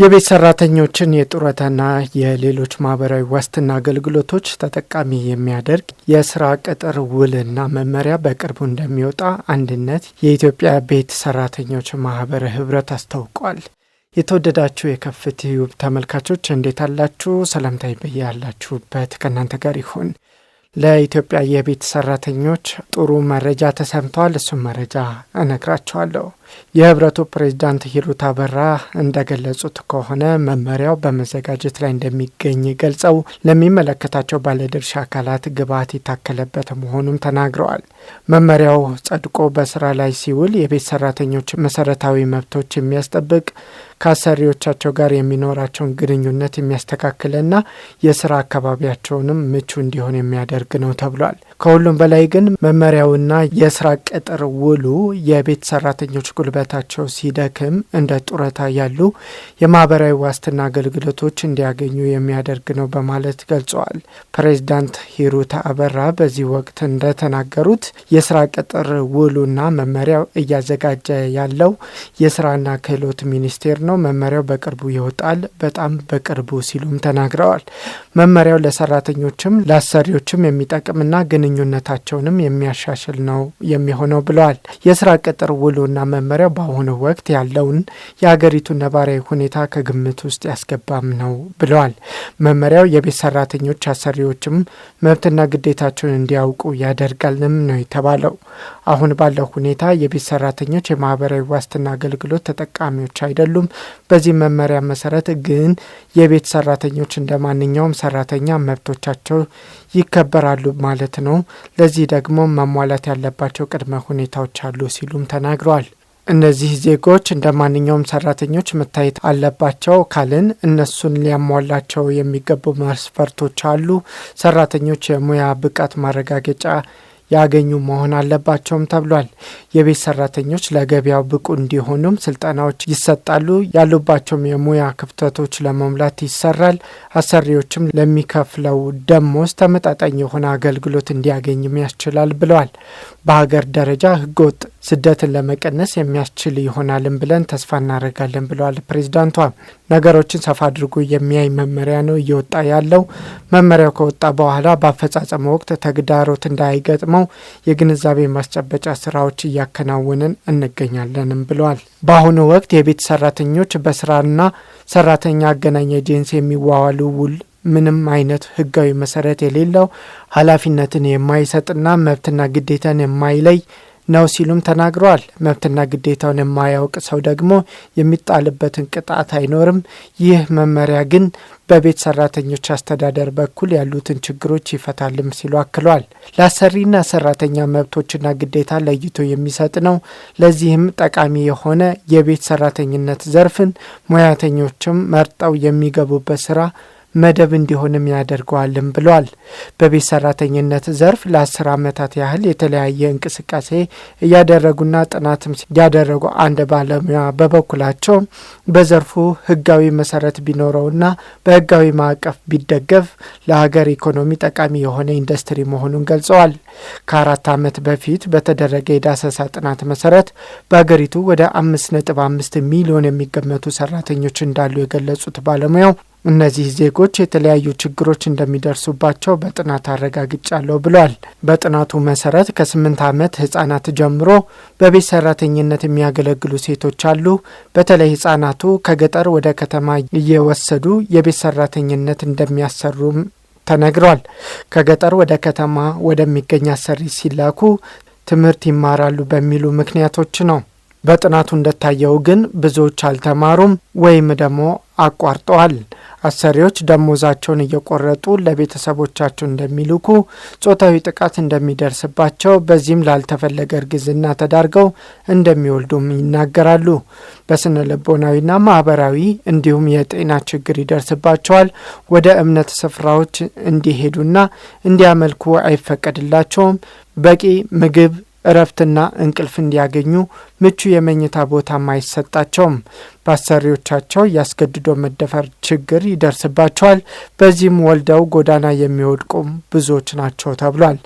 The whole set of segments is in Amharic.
የቤት ሰራተኞችን የጡረታና የሌሎች ማህበራዊ ዋስትና አገልግሎቶች ተጠቃሚ የሚያደርግ የስራ ቅጥር ውልና መመሪያ በቅርቡ እንደሚወጣ አንድነት የኢትዮጵያ ቤት ሰራተኞች ማህበር ህብረት አስታውቋል። የተወደዳችሁ የከፍት ተመልካቾች እንዴት አላችሁ? ሰላምታዬ በያላችሁበት ከእናንተ ጋር ይሁን። ለኢትዮጵያ የቤት ሰራተኞች ጥሩ መረጃ ተሰምተዋል። እሱም መረጃ እነግራችኋለሁ። የህብረቱ ፕሬዚዳንት ሂሩት አበራ እንደገለጹት ከሆነ መመሪያው በመዘጋጀት ላይ እንደሚገኝ ገልጸው ለሚመለከታቸው ባለድርሻ አካላት ግብዓት የታከለበት መሆኑን ተናግረዋል። መመሪያው ጸድቆ በስራ ላይ ሲውል የቤት ሰራተኞች መሰረታዊ መብቶች የሚያስጠብቅ ከአሰሪዎቻቸው ጋር የሚኖራቸውን ግንኙነት የሚያስተካክልና የስራ አካባቢያቸውንም ምቹ እንዲሆን የሚያደርግ ነው ተብሏል። ከሁሉም በላይ ግን መመሪያውና የስራ ቅጥር ውሉ የቤት ሰራተኞች ጉልበታቸው ሲደክም እንደ ጡረታ ያሉ የማህበራዊ ዋስትና አገልግሎቶች እንዲያገኙ የሚያደርግ ነው በማለት ገልጸዋል። ፕሬዚዳንት ሂሩት አበራ በዚህ ወቅት እንደተናገሩት የስራ ቅጥር ውሉና መመሪያው እያዘጋጀ ያለው የስራና ክህሎት ሚኒስቴር ነው። መመሪያው በቅርቡ ይወጣል፣ በጣም በቅርቡ ሲሉም ተናግረዋል። መመሪያው ለሰራተኞችም ለአሰሪዎችም የሚጠቅምና ግንኙነታቸውንም የሚያሻሽል ነው የሚሆነው ብለዋል። የስራ ቅጥር ውሉና መ መመሪያው በአሁኑ ወቅት ያለውን የሀገሪቱን ነባራዊ ሁኔታ ከግምት ውስጥ ያስገባም ነው ብለዋል። መመሪያው የቤት ሰራተኞች አሰሪዎችም መብትና ግዴታቸውን እንዲያውቁ ያደርጋልም ነው የተባለው። አሁን ባለው ሁኔታ የቤት ሰራተኞች የማህበራዊ ዋስትና አገልግሎት ተጠቃሚዎች አይደሉም። በዚህ መመሪያ መሰረት ግን የቤት ሰራተኞች እንደ ማንኛውም ሰራተኛ መብቶቻቸው ይከበራሉ ማለት ነው። ለዚህ ደግሞ መሟላት ያለባቸው ቅድመ ሁኔታዎች አሉ ሲሉም ተናግረዋል። እነዚህ ዜጎች እንደ ማንኛውም ሰራተኞች መታየት አለባቸው ካልን እነሱን ሊያሟላቸው የሚገቡ መስፈርቶች አሉ። ሰራተኞች የሙያ ብቃት ማረጋገጫ ያገኙ መሆን አለባቸውም ተብሏል። የቤት ሰራተኞች ለገበያው ብቁ እንዲሆኑም ስልጠናዎች ይሰጣሉ። ያሉባቸውም የሙያ ክፍተቶች ለመሙላት ይሰራል። አሰሪዎችም ለሚከፍለው ደሞዝ ተመጣጣኝ የሆነ አገልግሎት እንዲያገኝም ያስችላል ብለዋል። በሀገር ደረጃ ህገወጥ ስደትን ለመቀነስ የሚያስችል ይሆናልን ብለን ተስፋ እናደርጋለን ብለዋል ፕሬዚዳንቷ። ነገሮችን ሰፋ አድርጎ የሚያይ መመሪያ ነው እየወጣ ያለው። መመሪያው ከወጣ በኋላ በአፈጻጸሙ ወቅት ተግዳሮት እንዳይገጥመው የግንዛቤ ማስጨበጫ ስራዎች እያከናወንን እንገኛለንም ብለዋል። በአሁኑ ወቅት የቤት ሰራተኞች በስራና ሰራተኛ አገናኝ ኤጀንሲ የሚዋዋሉ ውል ምንም አይነት ህጋዊ መሰረት የሌለው ኃላፊነትን የማይሰጥና መብትና ግዴታን የማይለይ ነው ሲሉም ተናግረዋል። መብትና ግዴታውን የማያውቅ ሰው ደግሞ የሚጣልበትን ቅጣት አይኖርም። ይህ መመሪያ ግን በቤት ሰራተኞች አስተዳደር በኩል ያሉትን ችግሮች ይፈታልም ሲሉ አክለዋል። ለአሰሪና ሰራተኛ መብቶችና ግዴታ ለይቶ የሚሰጥ ነው። ለዚህም ጠቃሚ የሆነ የቤት ሰራተኝነት ዘርፍን ሙያተኞችም መርጠው የሚገቡበት ስራ መደብ እንዲሆንም ያደርገዋልም ብሏል። በቤት ሰራተኝነት ዘርፍ ለአስር ዓመታት ያህል የተለያየ እንቅስቃሴ እያደረጉና ጥናትም ያደረጉ አንድ ባለሙያ በበኩላቸው በዘርፉ ህጋዊ መሰረት ቢኖረውና በህጋዊ ማዕቀፍ ቢደገፍ ለሀገር ኢኮኖሚ ጠቃሚ የሆነ ኢንዱስትሪ መሆኑን ገልጸዋል። ከአራት ዓመት በፊት በተደረገ የዳሰሳ ጥናት መሰረት በሀገሪቱ ወደ አምስት ነጥብ አምስት ሚሊዮን የሚገመቱ ሰራተኞች እንዳሉ የገለጹት ባለሙያው እነዚህ ዜጎች የተለያዩ ችግሮች እንደሚደርሱባቸው በጥናት አረጋግጫለሁ ብሏል። በጥናቱ መሰረት ከስምንት ዓመት ህጻናት ጀምሮ በቤት ሰራተኝነት የሚያገለግሉ ሴቶች አሉ። በተለይ ህጻናቱ ከገጠር ወደ ከተማ እየወሰዱ የቤት ሰራተኝነት እንደሚያሰሩም ተነግሯል። ከገጠር ወደ ከተማ ወደሚገኝ አሰሪ ሲላኩ ትምህርት ይማራሉ በሚሉ ምክንያቶች ነው። በጥናቱ እንደታየው ግን ብዙዎች አልተማሩም ወይም ደግሞ አቋርጠዋል። አሰሪዎች ደሞዛቸውን እየቆረጡ ለቤተሰቦቻቸው እንደሚልኩ፣ ጾታዊ ጥቃት እንደሚደርስባቸው፣ በዚህም ላልተፈለገ እርግዝና ተዳርገው እንደሚወልዱም ይናገራሉ። በስነ ልቦናዊና ማህበራዊ እንዲሁም የጤና ችግር ይደርስባቸዋል። ወደ እምነት ስፍራዎች እንዲሄዱና እንዲያመልኩ አይፈቀድላቸውም። በቂ ምግብ እረፍትና እንቅልፍ እንዲያገኙ ምቹ የመኝታ ቦታም አይሰጣቸውም። በአሰሪዎቻቸው ያስገድዶ መደፈር ችግር ይደርስባቸዋል። በዚህም ወልደው ጎዳና የሚወድቁም ብዙዎች ናቸው ተብሏል።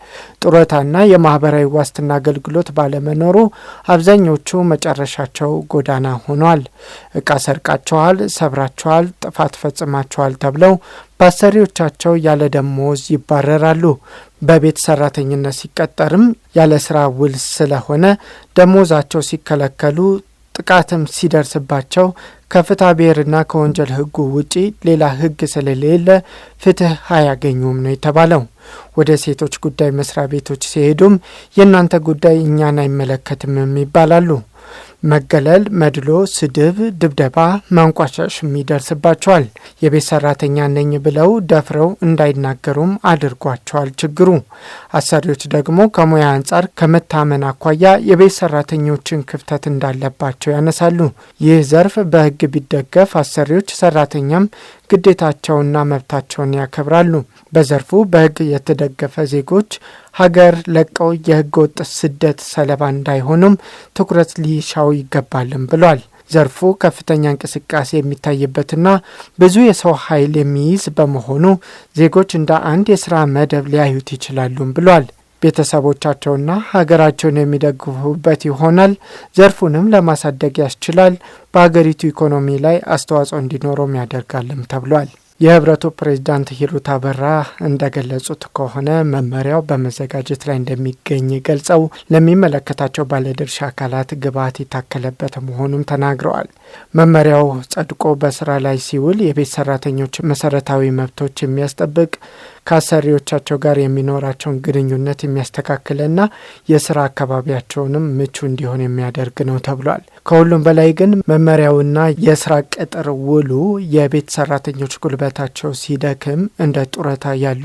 ጡረታና የማህበራዊ ዋስትና አገልግሎት ባለመኖሩ አብዛኞቹ መጨረሻቸው ጎዳና ሆኗል። እቃ ሰርቃቸዋል፣ ሰብራቸዋል፣ ጥፋት ፈጽማቸዋል ተብለው በአሰሪዎቻቸው ያለ ደሞዝ ይባረራሉ። በቤት ሰራተኝነት ሲቀጠርም ያለ ስራ ውል ስለሆነ ደሞዛቸው ሲከለከሉ ጥቃትም ሲደርስባቸው ከፍትሐ ብሔርና ከወንጀል ህጉ ውጪ ሌላ ህግ ስለሌለ ፍትህ አያገኙም ነው የተባለው። ወደ ሴቶች ጉዳይ መስሪያ ቤቶች ሲሄዱም የእናንተ ጉዳይ እኛን አይመለከትምም ይባላሉ። መገለል፣ መድሎ፣ ስድብ፣ ድብደባ፣ ማንቋሻሽ ይደርስባቸዋል። የቤት ሰራተኛ ነኝ ብለው ደፍረው እንዳይናገሩም አድርጓቸዋል። ችግሩ አሰሪዎች ደግሞ ከሙያ አንጻር ከመታመን አኳያ የቤት ሰራተኞችን ክፍተት እንዳለባቸው ያነሳሉ። ይህ ዘርፍ በሕግ ቢደገፍ አሰሪዎች ሰራተኛም ግዴታቸውና መብታቸውን ያከብራሉ። በዘርፉ በህግ የተደገፈ ዜጎች ሀገር ለቀው የህገ ወጥ ስደት ሰለባ እንዳይሆኑም ትኩረት ሊሻው ይገባልም ብሏል። ዘርፉ ከፍተኛ እንቅስቃሴ የሚታይበትና ብዙ የሰው ኃይል የሚይዝ በመሆኑ ዜጎች እንደ አንድ የስራ መደብ ሊያዩት ይችላሉም ብሏል። ቤተሰቦቻቸውና ሀገራቸውን የሚደግፉበት ይሆናል። ዘርፉንም ለማሳደግ ያስችላል። በሀገሪቱ ኢኮኖሚ ላይ አስተዋጽኦ እንዲኖረውም ያደርጋልም ተብሏል። የህብረቱ ፕሬዚዳንት ሂሩት አበራ እንደገለጹት ከሆነ መመሪያው በመዘጋጀት ላይ እንደሚገኝ ገልጸው ለሚመለከታቸው ባለድርሻ አካላት ግብዓት የታከለበት መሆኑም ተናግረዋል። መመሪያው ጸድቆ በስራ ላይ ሲውል የቤት ሰራተኞች መሰረታዊ መብቶች የሚያስጠብቅ ከአሰሪዎቻቸው ጋር የሚኖራቸውን ግንኙነት የሚያስተካክልና የስራ አካባቢያቸውንም ምቹ እንዲሆን የሚያደርግ ነው ተብሏል። ከሁሉም በላይ ግን መመሪያውና የስራ ቅጥር ውሉ የቤት ሰራተኞች ጉልበታቸው ሲደክም እንደ ጡረታ ያሉ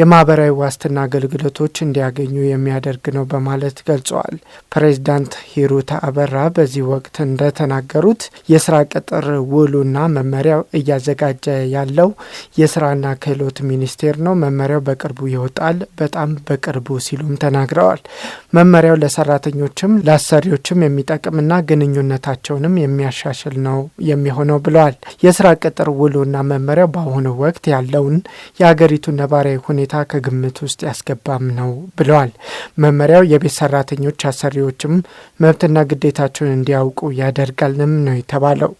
የማህበራዊ ዋስትና አገልግሎቶች እንዲያገኙ የሚያደርግ ነው በማለት ገልጸዋል። ፕሬዚዳንት ሂሩት አበራ በዚህ ወቅት እንደተናገሩት የስራ ቅጥር ውሉና መመሪያው እያዘጋጀ ያለው የስራና ክህሎት ሚኒስቴር ነው። ነው። መመሪያው በቅርቡ ይወጣል፣ በጣም በቅርቡ ሲሉም ተናግረዋል። መመሪያው ለሰራተኞችም ለአሰሪዎችም የሚጠቅምና ግንኙነታቸውንም የሚያሻሽል ነው የሚሆነው ብለዋል። የስራ ቅጥር ውሉና መመሪያው በአሁኑ ወቅት ያለውን የሀገሪቱ ነባራዊ ሁኔታ ከግምት ውስጥ ያስገባም ነው ብለዋል። መመሪያው የቤት ሰራተኞች አሰሪዎችም መብትና ግዴታቸውን እንዲያውቁ ያደርጋልም ነው የተባለው።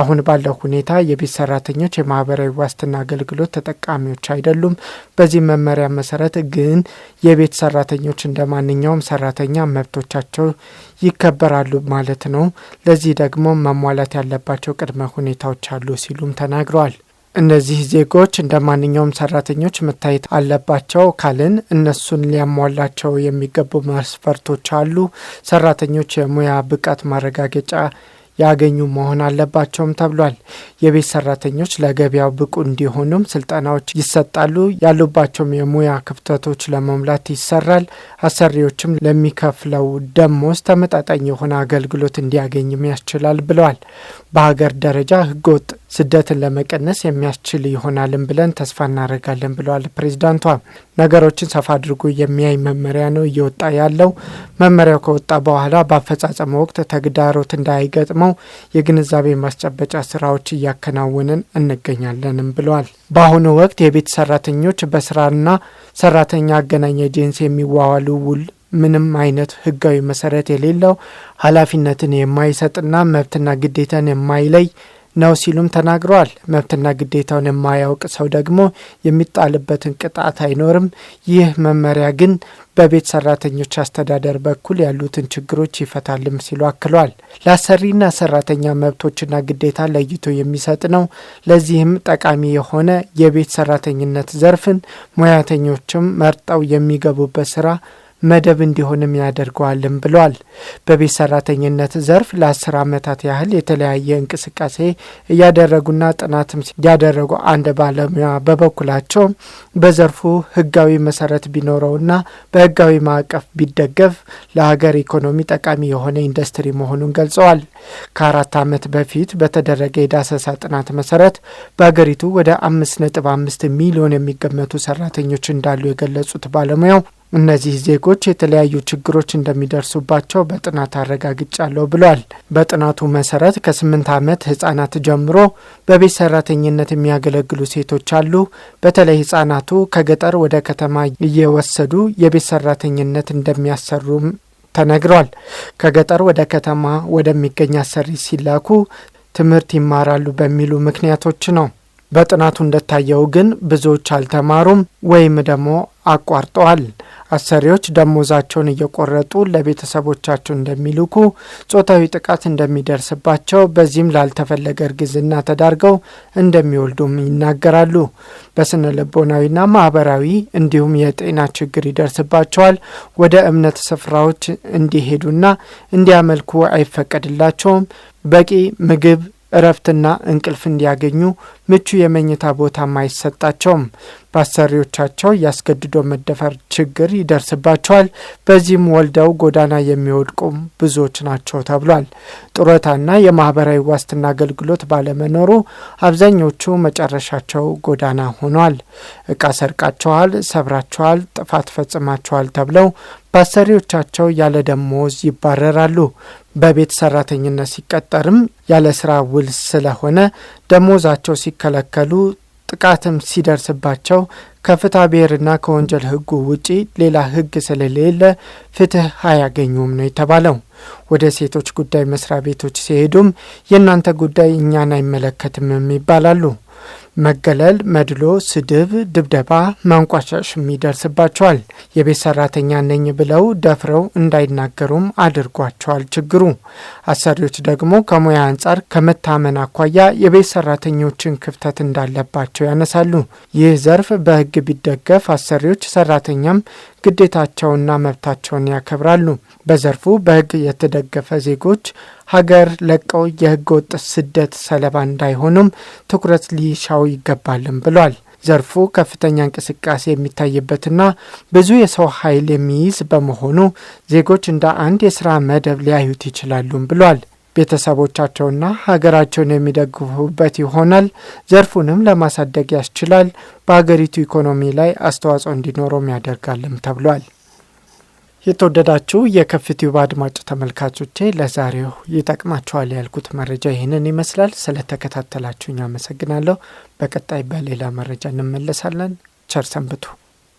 አሁን ባለው ሁኔታ የቤት ሰራተኞች የማህበራዊ ዋስትና አገልግሎት ተጠቃሚዎች አይደሉም። በዚህ መመሪያ መሰረት ግን የቤት ሰራተኞች እንደ ማንኛውም ሰራተኛ መብቶቻቸው ይከበራሉ ማለት ነው። ለዚህ ደግሞ መሟላት ያለባቸው ቅድመ ሁኔታዎች አሉ ሲሉም ተናግረዋል። እነዚህ ዜጎች እንደ ማንኛውም ሰራተኞች መታየት አለባቸው ካልን እነሱን ሊያሟላቸው የሚገቡ መስፈርቶች አሉ። ሰራተኞች የሙያ ብቃት ማረጋገጫ ያገኙ መሆን አለባቸውም ተብሏል። የቤት ሰራተኞች ለገበያው ብቁ እንዲሆኑም ስልጠናዎች ይሰጣሉ። ያሉባቸውም የሙያ ክፍተቶች ለመሙላት ይሰራል። አሰሪዎችም ለሚከፍለው ደሞዝ ተመጣጣኝ የሆነ አገልግሎት እንዲያገኝም ያስችላል ብለዋል። በሀገር ደረጃ ህገወጥ ስደትን ለመቀነስ የሚያስችል ይሆናልን ብለን ተስፋ እናደርጋለን ብለዋል ፕሬዚዳንቷ። ነገሮችን ሰፋ አድርጎ የሚያይ መመሪያ ነው እየወጣ ያለው። መመሪያው ከወጣ በኋላ በአፈጻጸሙ ወቅት ተግዳሮት እንዳይገጥመው ተጠቅመው የግንዛቤ ማስጨበጫ ስራዎች እያከናወንን እንገኛለንም ብለዋል። በአሁኑ ወቅት የቤት ሰራተኞች በስራና ሰራተኛ አገናኝ ኤጀንሲ የሚዋዋሉ ውል ምንም አይነት ህጋዊ መሰረት የሌለው ኃላፊነትን የማይሰጥና መብትና ግዴታን የማይለይ ነው ሲሉም ተናግረዋል። መብትና ግዴታውን የማያውቅ ሰው ደግሞ የሚጣልበትን ቅጣት አይኖርም። ይህ መመሪያ ግን በቤት ሰራተኞች አስተዳደር በኩል ያሉትን ችግሮች ይፈታልም ሲሉ አክሏል። ለአሰሪና ሰራተኛ መብቶችና ግዴታ ለይቶ የሚሰጥ ነው። ለዚህም ጠቃሚ የሆነ የቤት ሰራተኝነት ዘርፍን ሙያተኞችም መርጠው የሚገቡበት ስራ መደብ እንዲሆንም ያደርገዋልም ብሏል። በቤት ሰራተኝነት ዘርፍ ለአስር ዓመታት ያህል የተለያየ እንቅስቃሴ እያደረጉና ጥናትም ያደረጉ አንድ ባለሙያ በበኩላቸው በዘርፉ ህጋዊ መሰረት ቢኖረውና በህጋዊ ማዕቀፍ ቢደገፍ ለሀገር ኢኮኖሚ ጠቃሚ የሆነ ኢንዱስትሪ መሆኑን ገልጸዋል። ከአራት ዓመት በፊት በተደረገ የዳሰሳ ጥናት መሰረት በሀገሪቱ ወደ አምስት ነጥብ አምስት ሚሊዮን የሚገመቱ ሰራተኞች እንዳሉ የገለጹት ባለሙያው እነዚህ ዜጎች የተለያዩ ችግሮች እንደሚደርሱባቸው በጥናት አረጋግጫለሁ ብሏል። በጥናቱ መሰረት ከስምንት ዓመት ህጻናት ጀምሮ በቤት ሰራተኝነት የሚያገለግሉ ሴቶች አሉ። በተለይ ህጻናቱ ከገጠር ወደ ከተማ እየወሰዱ የቤት ሰራተኝነት እንደሚያሰሩም ተነግሯል። ከገጠር ወደ ከተማ ወደሚገኝ አሰሪ ሲላኩ ትምህርት ይማራሉ በሚሉ ምክንያቶች ነው። በጥናቱ እንደታየው ግን ብዙዎች አልተማሩም ወይም ደግሞ አቋርጠዋል። አሰሪዎች ደሞዛቸውን እየቆረጡ ለቤተሰቦቻቸው እንደሚልኩ፣ ጾታዊ ጥቃት እንደሚደርስባቸው፣ በዚህም ላልተፈለገ እርግዝና ተዳርገው እንደሚወልዱም ይናገራሉ። በስነ ልቦናዊና ማህበራዊ እንዲሁም የጤና ችግር ይደርስባቸዋል። ወደ እምነት ስፍራዎች እንዲሄዱና እንዲያመልኩ አይፈቀድላቸውም። በቂ ምግብ እረፍትና እንቅልፍ እንዲያገኙ ምቹ የመኝታ ቦታም አይሰጣቸውም። በአሰሪዎቻቸው ያስገድዶ መደፈር ችግር ይደርስባቸዋል። በዚህም ወልደው ጎዳና የሚወድቁም ብዙዎች ናቸው ተብሏል። ጡረታና የማህበራዊ ዋስትና አገልግሎት ባለመኖሩ አብዛኞቹ መጨረሻቸው ጎዳና ሆኗል። እቃ ሰርቃቸዋል፣ ሰብራቸዋል፣ ጥፋት ፈጽማቸዋል ተብለው በአሰሪዎቻቸው ያለ ደሞዝ ይባረራሉ። በቤት ሰራተኝነት ሲቀጠርም ያለ ስራ ውል ስለሆነ ደሞዛቸው ሲከለከሉ ጥቃትም ሲደርስባቸው ከፍትሐ ብሔርና ከወንጀል ህጉ ውጪ ሌላ ህግ ስለሌለ ፍትህ አያገኙም ነው የተባለው። ወደ ሴቶች ጉዳይ መስሪያ ቤቶች ሲሄዱም የእናንተ ጉዳይ እኛን አይመለከትም ይባላሉ። መገለል፣ መድሎ፣ ስድብ፣ ድብደባ፣ ማንቋሻሽ ይደርስባቸዋል። የቤት ሰራተኛ ነኝ ብለው ደፍረው እንዳይናገሩም አድርጓቸዋል። ችግሩ አሰሪዎች ደግሞ ከሙያ አንጻር ከመታመን አኳያ የቤት ሰራተኞችን ክፍተት እንዳለባቸው ያነሳሉ። ይህ ዘርፍ በሕግ ቢደገፍ አሰሪዎች ሰራተኛም ግዴታቸውና መብታቸውን ያከብራሉ። በዘርፉ በህግ የተደገፈ ዜጎች ሀገር ለቀው የህገ ወጥ ስደት ሰለባ እንዳይሆኑም ትኩረት ሊሻው ይገባልም ብሏል። ዘርፉ ከፍተኛ እንቅስቃሴ የሚታይበትና ብዙ የሰው ኃይል የሚይዝ በመሆኑ ዜጎች እንደ አንድ የስራ መደብ ሊያዩት ይችላሉም ብሏል። ቤተሰቦቻቸውና ሀገራቸውን የሚደግፉበት ይሆናል። ዘርፉንም ለማሳደግ ያስችላል። በሀገሪቱ ኢኮኖሚ ላይ አስተዋጽኦ እንዲኖረውም ያደርጋልም ተብሏል። የተወደዳችሁ የከፍትዩብ አድማጭ ተመልካቾቼ ለዛሬው ይጠቅማችኋል ያልኩት መረጃ ይህንን ይመስላል። ስለተከታተላችሁኝ አመሰግናለሁ። በቀጣይ በሌላ መረጃ እንመለሳለን። ቸር ሰንብቱ።